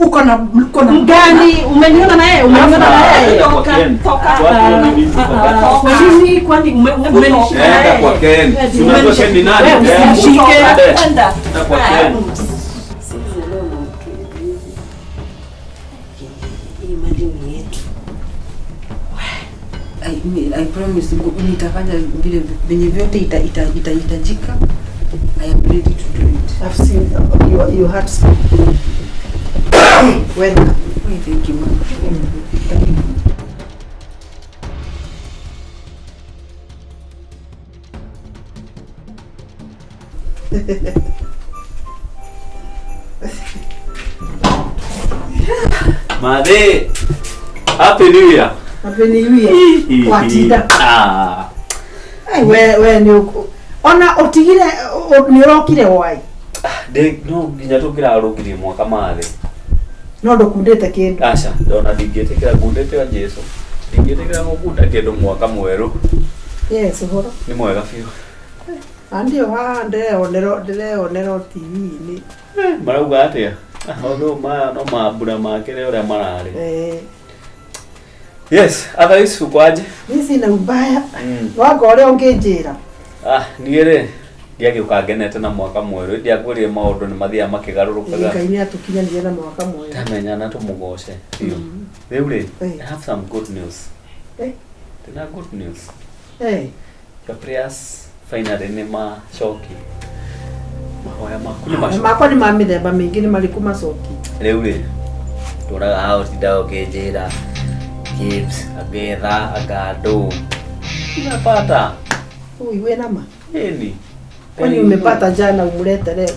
uko na uko na mgani? Umeniona na yeye, umeniona na yeye toka toka. Kwa nini? Kwani umenishika na yeye kwa Ken? Unajua ni nani? Shike kwenda kwa Ken. I promise nitafanya vile venye vyote itahitajika. I am ready to do it. I've seen your, your heart speak. Welcome. Madhe. Happy New Year. Happy New Year. Watinda. Ah. Hey, we we ni ona ni wai. Ah, no mwaka mathe no ndukundite kundä acha ndona ndingitikira ngundite wa Jesu kunda kä ndå mwaka mwerå yes horo ni mwega biu andio ah, ha ah, ndä ndireonero tv-ini eh, marauga atia maundu ah, maya no mambura makire uria marari eh. yes otherwise ukwaje nici na ubaya mm. wanga ngä njä ah niĩ rä ndiagä ngenete na mwaka mwerå ndiangå rä maå ndå nä mathiaga makä garå kinyanä na mwaka tå må goce biå rä u rä ndä na finally nä macoki mahoya maku ah, makwa nä ma mä themba mä ingä nä marä kå macoki rä u rä ndå raga aåtinda å ngä njä ra angetha angandå inapata uiwä nama ni Kwani umepata jana umulete leo?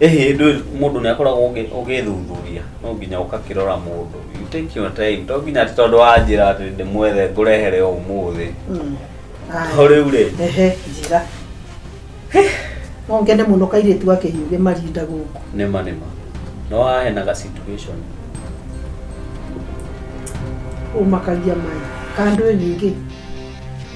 Ehe, ndu mundu ni ngi ugithuthuria no nginya ukakirora mundu you take your time to nginya ati tondu wanjira ati mwethe ngurehere umuthi no hmm. riu ri ehe njira no ngende muno kairitu gake hiuge marinda guku mane ma no wahenaga situation umakagia mai kandu nyingi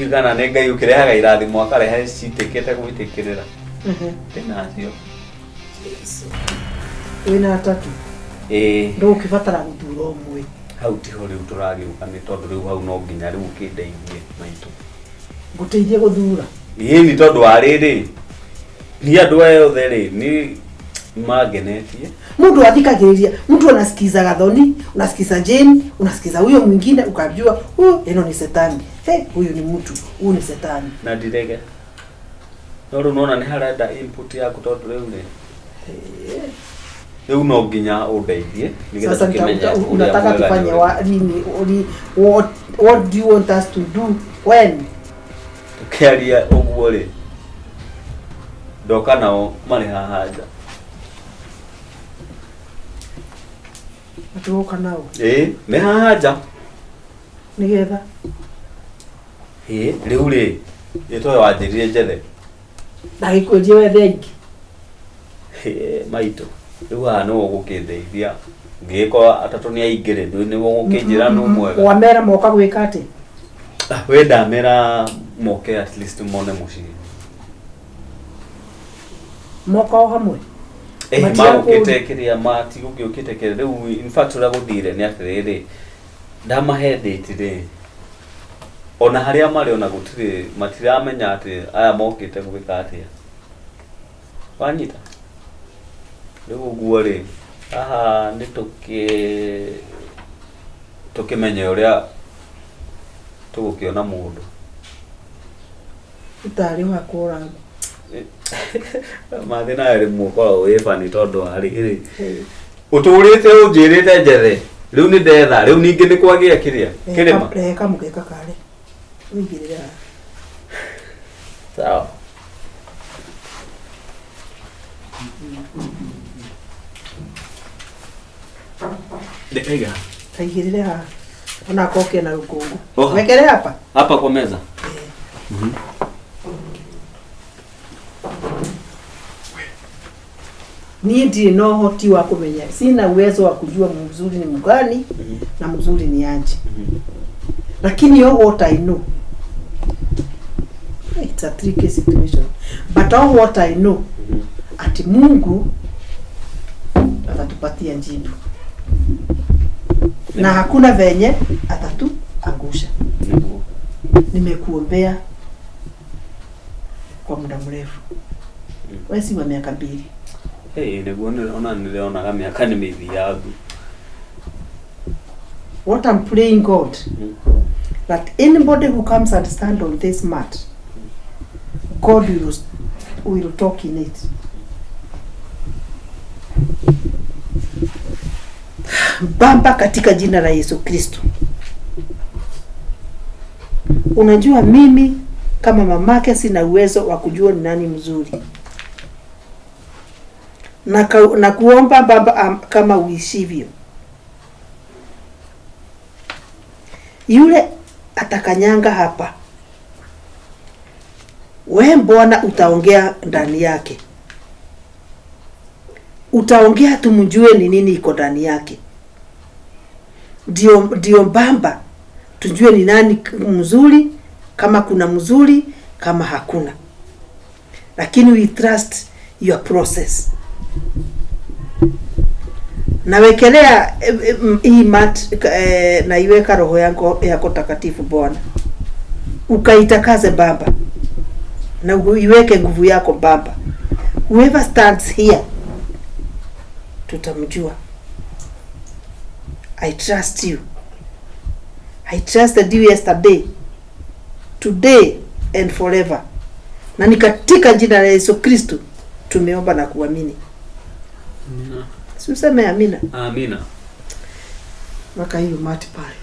citiigana nä Ngai å ũkĩrehaga irathimo akarehe citĩkĩte gwĩtĩkĩrĩra ndĩnacio wĩna atatũ ĩĩ ndũkĩbatara gũtura ũmwe hau tiho rĩu tũragĩũka nĩ tondũ rĩu hau no nginya rĩu ũkĩndeithie maitũ ngũteithie gũthura ĩĩ nĩ tondũ wa rĩrĩ ni andũ aya othe rä ni mangenetie må ndå athikagä mtu athikagĩrĩria mtu anasikiza gathoni unasikiza jeni unasikiza huyo mwingine kajua huyo ĩno ni setani huyu ni mtu, huyu ni setani. Na direge. No ru nona ni harada input ya kutoto leo ni. Riu no ginya undeithie nigetha Sasa unataka tufanye wa nini what what do you want us to do when? Tukiaria uguo ri. Ndoka nao mari haha nja. Atuoka nao. Eh, me haha nja. Nigetha rä u rä ä wanjä rire njethe ndagä kå njä wethe ingä maitå rä u haha nä wo gå kä ndeithia ngä gä korwo atatå nä aingä rä nä wo gå kä njä ra nä mm-hmm. mwega wamera moka gwä ka atä ah, wä ndamera moke mone må ciä moka o hamwe magåkäte kä rä a matigå gä å kä te kä rä u å rä a gå thire nä atä rä rä ndamahethä ti rä ona haria mari ona gutire matiramenya ati aya mokite gwika atia wanyita riu uguo ri haha ni tuki tukimenye uria tugukiona mundu utari wa kura mathina ri mukoragwo wi bani tondu ariri uturite unjirite njere riu ni ndetha riu ningi ni kwagia kiria kirima kamugeka kare me get it out. So. Ndega. Taigirire haha. koke na rukungu. Wekele hapa? Hapa kwa meza. Yeah. Mm-hmm. wa kũmenya, sina uwezo wa kujua mzuri ni mgani mm -hmm. na mzuri ni aje mm -hmm. lakini yo what I know it's a three case situation but all what I know mm-hmm. ati Mungu atatupatia njibu na hakuna venye atatu atatuangusha. Nimekuombea kwa muda mrefu, mm. wewe si wa miaka mbili. Hey, niliona niliona kama miaka ni mbili yangu. What I'm praying God mm. that anybody who comes and stand on this mat mm God will, will talk in it. Baba, katika jina la Yesu Kristo, unajua mimi kama mamake sina uwezo wa kujua ni nani mzuri na, ka, na kuomba Baba am, kama uishivyo, yule atakanyanga hapa we mbona utaongea ndani yake, utaongea tumjue ni nini iko ndani yake, ndio ndio mbamba tujue ni nani mzuri, kama kuna mzuri, kama hakuna. Lakini we trust your process. Nawekelea eh, eh, hii mat eh, naiweka roho yako yako takatifu Bwana, ukaitakaze Baba na uiweke nguvu yako Baba. Whoever stands here tutamjua. I trust you. I trusted you yesterday, today and forever. Na ni katika jina la Yesu Kristo tumeomba na kuamini. Amina. Si useme amina. Amina. Waka hiyo mati pale.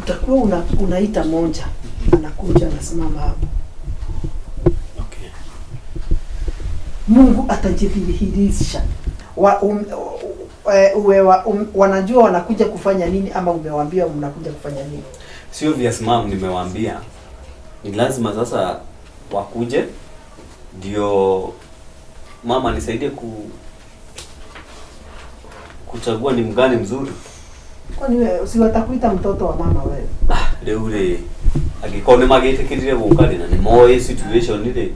utakuwa una, unaita moja anakuja anasimama hapo. Okay. Mungu atajidhihirisha wa, um, eh, uwe wa, um, wanajua wanakuja kufanya nini ama umewaambia mnakuja kufanya nini? sio vya simamu, nimewaambia ni lazima sasa wakuje ndio mama nisaidie ku kuchagua ni mgani mzuri. Kwani wewe usiwatakuita mtoto wa mama wewe? Ah, leo ule agikoo nä magä tä kä rire gå ka rä na nä moä situation rä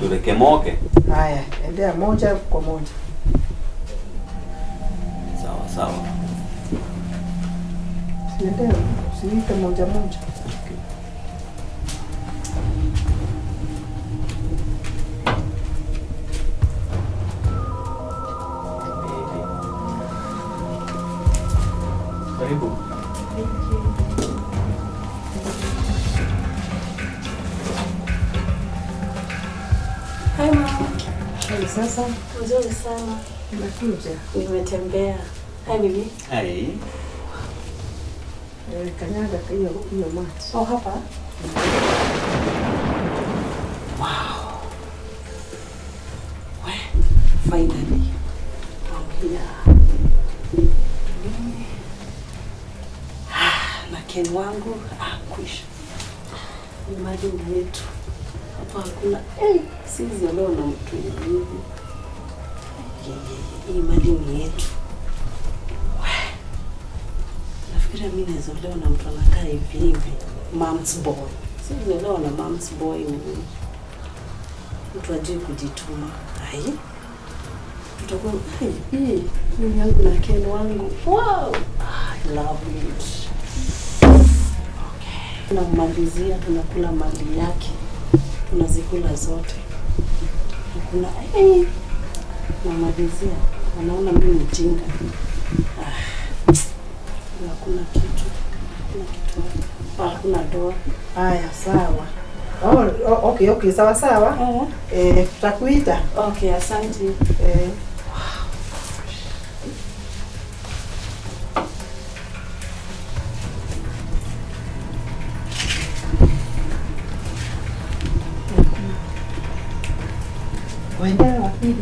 tå reke moke haya endea moja kwa moja sawa sawa siendea usiite moja moja Karibu. Hai mama. Hai sasa. Mzuri sana. Nimetembea. bibi. Eh, kanyaga hiyo hiyo Oh, hapa. Wow. finally. I'm oh, here. mtihani wangu ah, akwisha, ah, majinda yetu hapa hakuna eh, sisi leo na mtu hivi hii mali ni yetu. Nafikiria mimi naweza leo na mtu anakaa hivi hivi, mom's boy. Sisi leo na mom's boy huyu. mtu ajui kujituma. Ai, tutakuwa hii mimi yangu na Ken wangu. Wow, I love it tunamalizia, tunakula mali yake, tunazikula zote, hakuna hey, eh, namalizia, anaona mimi mjinga. Ah, hakuna kitu, hakuna kitu, hakuna doa. Haya, sawa. Oh, oh okay, okay, sawa sawa. Uh eh. -huh. Eh, tutakuita. Okay, asante. Eh. waendea wapili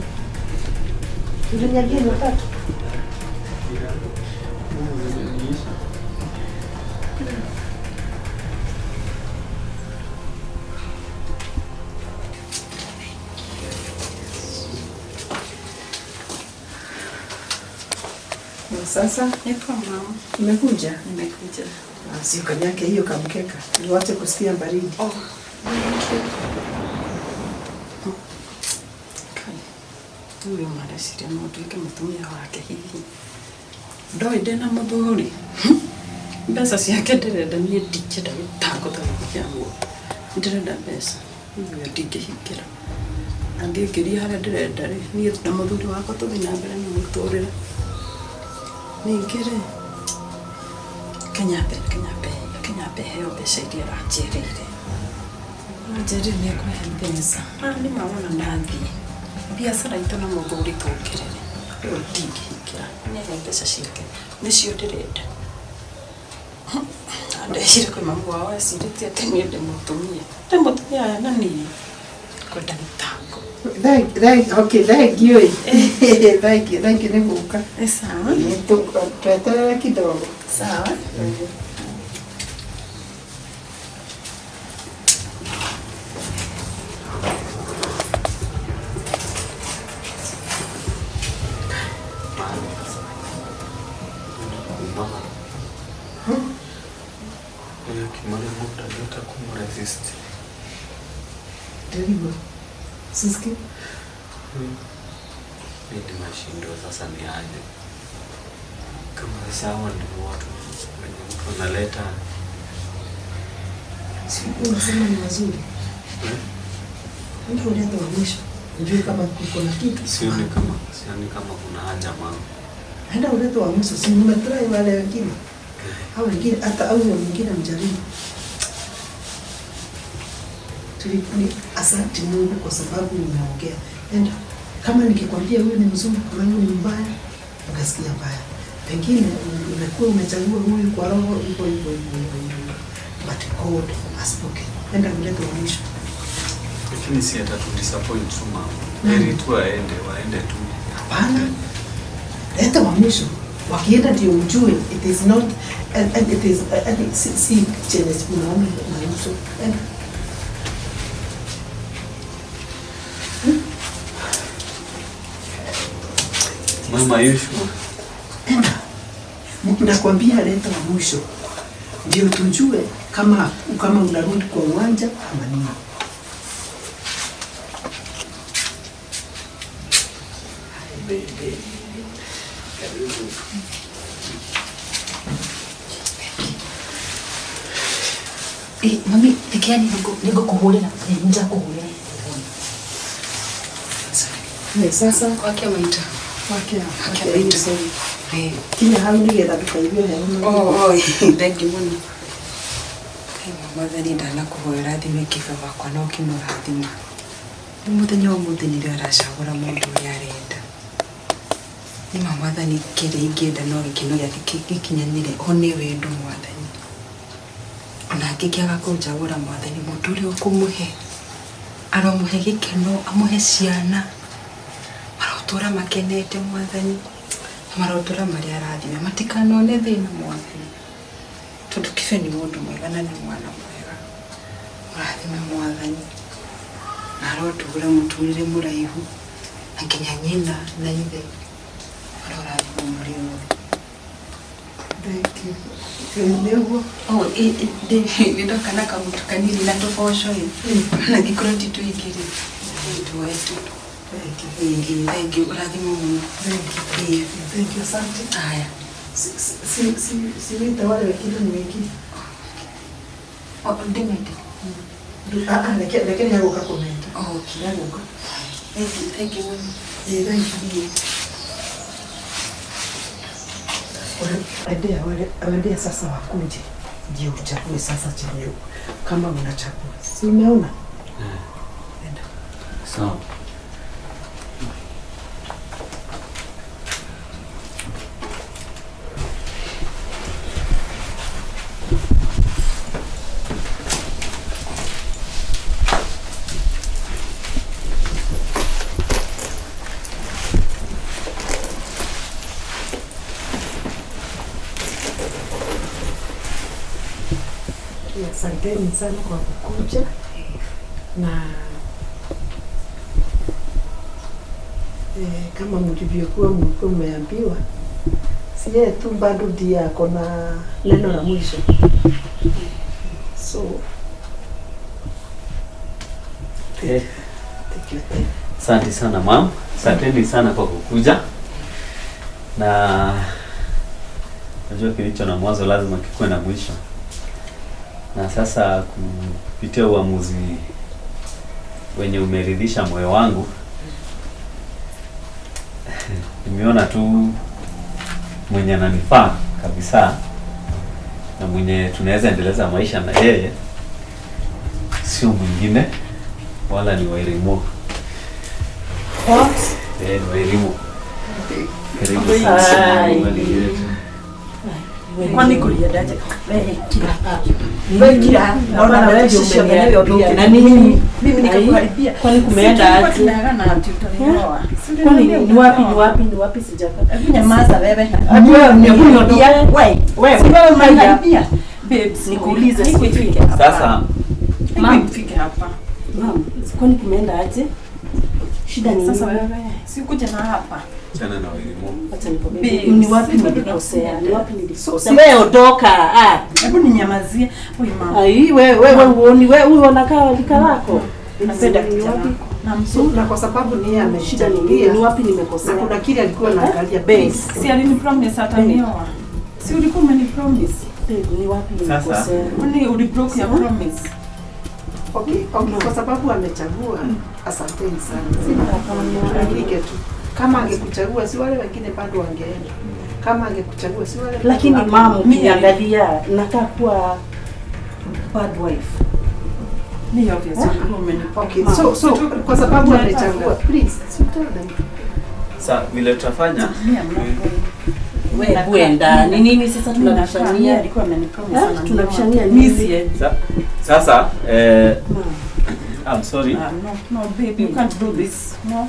Sasa niko mama. Nimekuja? Nimekuja. Basi ah, ukanyake hiyo kamkeka. niwate kusikia baridi. Oh. Thank you. muthuri mareciria no nduĩke mũtumia wake hihi ndoĩ ndĩna mũthuri mbeca ciake ndĩrenda niĩ ndingĩenda gũtangũthagia mũndũ ndĩrenda mbeca iguo ndingĩhingĩra na ngĩingĩria harĩa ndĩrenda rĩ niĩ na mũthuri wakwa tũthiĩ na mbere na mũtũrĩre ningĩ rĩ kenyambe kenyambe kenyambe heo mbeca iria aranjĩrĩire anjĩrĩire nĩ mbeca nĩ mawona nathiĩ biacara itũ na mũthuri tũkĩrĩre ũyũ ndingĩhingĩra nĩahe mbeca ciake nĩcio ndĩrenda andehire kwĩ mamu wao acirĩtie atĩ niĩ ndĩ mũtumia ndĩ mũtumia aya na niĩ ngwenda mĩtambo thengio thengio nĩ gũka tweterere kidogo sawa mm. Hili mashindo sasa ni aje? Kama sasa hawa ndio watu wenye mtu analeta siku nzima ni wazuri. Ndio ndio wa mwisho. Ndio kama kuko na kitu. Sioni kama sioni kama kuna haja mama. Hata uleto wa mwisho si nimetrai wale wengine. Eh. Hao wengine hata au wengine mjaribu. Tulikuwa asante Mungu kwa sababu umeongea. Enda. Kama nikikwambia huyu ni mzuri na huyu ni mbaya, ukasikia mbaya. Pengine umekuwa umechagua huyu kwa roho hivyo hivyo hivyo hivyo, but God has spoken. Enda mlete wa mwisho, lakini si atatu disappoint Suma, heri tu mm. aende, waende tu. Hapana, leta wa mwisho. Wakienda ndio ujue it is not and, and it is and, si, si chenye unaona mauso enda Mama Yusha. Tena nakwambia leta wa mwisho ndio tujue kama kama unarudi kwa uwanja ama nini. Eh, mami, pekee niko niko kuhulira, eh, nija kuhulira. Eh, sasa, sasa kwa kia maita kinya hau nä getha ndåkaigue he thengi må no mwathani wakwa no kä må rathima nä må thenya å må thä rä aracagå ra må ndå å rä a arenda nä ma mwathani kä rä ingä enda no gä keno gä akä gä kinyanä re o nä mwathani ona ngä ngä aga kå njagå ra mwathani må ndå å rä a å kå må he aromå he gä keno amå he ciana matura makenete mwathani na marotura maria arathime matikano ne thina mwathani tondu kibe ni mundu mwega na ni mwana mwega murathime mwathani na arotugure muturire muraihu na nginya nyina na ithe aria urathime muri othe nindokana kamutukanini na tuboco na ngikorwo ti tuingiri ndu wetu Waambia oh, ah, ah, sasa wakuje, ndio uchague sasa chenye kama unachagua, si umeona? Eh. Sawa. asanteni sana kwa kukuja na eh, kama mlivyokuwa mlikuwa mmeambiwa, si yeye tu bado ndiye ako na neno la mwisho, so eh. asante sana mam, asanteni sana kwa kukuja na najua kilicho na mwanzo lazima kikuwe na mwisho na sasa kupitia uamuzi wenye umeridhisha moyo wangu, nimeona tu mwenye ananifaa kabisa na mwenye tunaweza endeleza maisha na yeye, sio mwingine wala ni Wairimu. What? Eh, Wairimu. Karibu sana kwani kulienda Wewe kila wewe kila naona wewe ndio umeniambia ndio, na mimi mimi nikakuharibia. Kwani kumeenda aje? Na ati kwani ni wapi ni wapi ni wapi? Sijapata nyamaza wewe, wewe ni kuniondoa wewe, wewe wewe umeniharibia babes, nikuulize sikufike sasa. Mama mfike hapa mama, kwani kumeenda aje? Shida ni sasa wewe, sikuja na hapa Achana na walimu. Ni wapi nilikosea? Ni wapi nilikosea? Wewe ondoka. Ah, hebu ninyamazie. Huyu mama. Ai, wewe wewe uoni wewe huyu anakaa lika lako. Napenda kijana. Na msura kwa sababu ni yeye ameshida ni yeye. Ni wapi nimekosea? Kuna kile alikuwa eh? anaangalia base. Si alini promise atanioa. Si ulikuwa umeni promise. Ni wapi nimekosea? Ni uli broke your promise. Okay, okay. kwa sababu amechagua. Asanteni sana. Sina kama ni tu. Kama angekuchagua si wale wengine bado wangeenda. Kama angekuchagua si wale. Lakini mama, ukiangalia nataka kuwa bad wife. Ni obvious okay. So so kwa sababu amechagua, please tell them. vile tutafanya ni nini sasa? alikuwa amenikoma sana, Sasa eh, I'm sorry, ah, no no baby, you can't do this no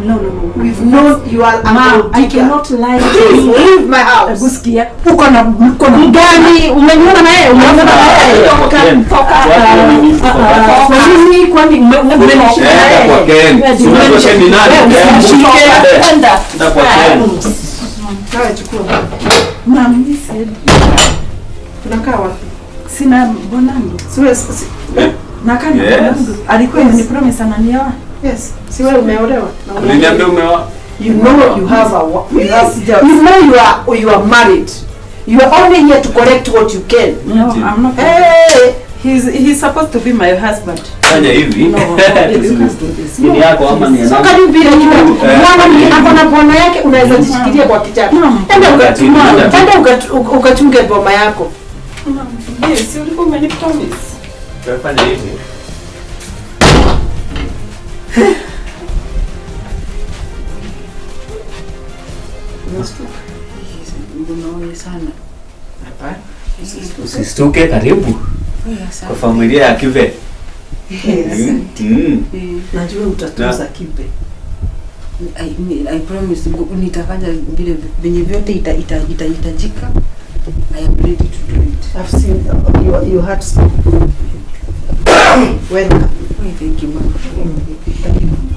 No, no, no. We've known you are a Mom, I cannot lie. to you. Please leave my house. Gusikia. Uko na uko na mgani? Umeniona na yeye, umeniona na yeye. Toka, ah, ah, ah. toka. Kwa nini kwani umeniona yeye? Kwa Ken. Sio ni nani? Shike kwenda. Na kwa Ken. Sawa, chukua. Mom, ni said. Tunakaa wapi? Sina bonangu. Siwezi. Eh? Na kani bonangu. Alikuwa ni promise ananioa. Yes. Si wewe umeolewa. Uliniambia umeoa. You know you have a you have job. You know you are you are married. You are only here to collect what you can. No, I'm not. Hey, he's he's supposed to be my husband. Fanya hivi. No, ni yako ama ni yangu. So can you be ni ako na bwana yake unaweza jishikilia kwa kichaka. Tenda ukatunga. Tenda ukachunge boma yako. Yes, you promise. Fanya hivi. Usistuke, karibu kwa familia ya Kibe. Mm, mm. Najua utatuza Kibe. I promise nitafanya vile venye vyote itahitajika. I am ready to do it. I've seen uh, your, your heart. Welcome. 増えていきます。うん